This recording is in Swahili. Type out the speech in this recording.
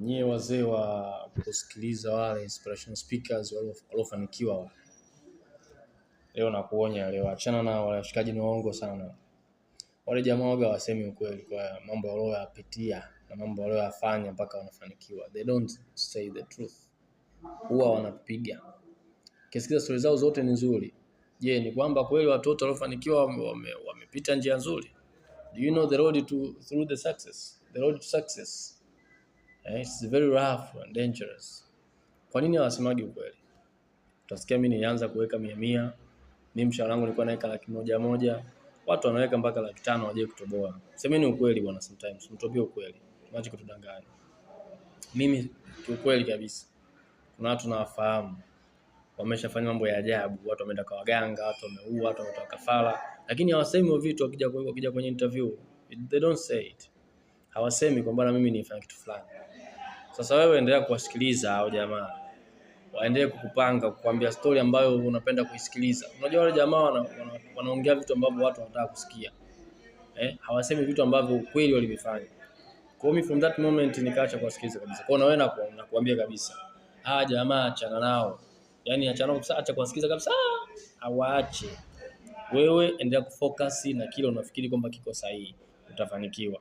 nyie wazee wa kusikiliza wale inspiration speakers waliofanikiwa wale. Leo nakuonya leo, achana na wale washikaji ni waongo sana. Wale jamaa waga wasemi ukweli kwa mambo walioyapitia na mambo walioyafanya mpaka wanafanikiwa. They don't say the truth. Huwa wanapiga. Kisikiza stori zao zote ni nzuri. Je, ni kwamba kweli watoto waliofanikiwa wamepita wame njia nzuri? Do you know the road to through the success? The road to success Eh, it's very rough and dangerous. Kwa nini hawasemagi ukweli? Utasikia mimi nilianza kuweka mia mia, mimi mshahara wangu nilikuwa naweka laki moja moja, watu wanaweka mpaka laki tano waje kutoboa. Semeni ukweli bwana, sometimes mtobie ukweli, acha kutudanganya. Mimi kiukweli kabisa, kuna watu nawafahamu wameshafanya mambo ya ajabu, watu wameenda kwa waganga, watu wameua, watu wametoa kafara, lakini hawasemi vitu. Wakija wakija kwenye interview, they don't say it hawasemi kwamba na mimi nifanye kitu fulani. Sasa wewe endelea kuwasikiliza hao jamaa, waendelee kukupanga, kukwambia stori ambayo unapenda kuisikiliza. Unajua wale jamaa wanaongea wana, wana vitu ambavyo watu wanataka kusikia eh, hawasemi vitu ambavyo kweli walivifanya. Kwa mimi from that moment nikaacha kuwasikiliza kabisa. Kwa hiyo na wewe nakuambia kabisa, ah jamaa, achana nao, yani achana kabisa, acha kuwasikiliza kabisa, ah, hawaache wewe endelea kufocus na kile unafikiri kwamba kiko sahihi, utafanikiwa.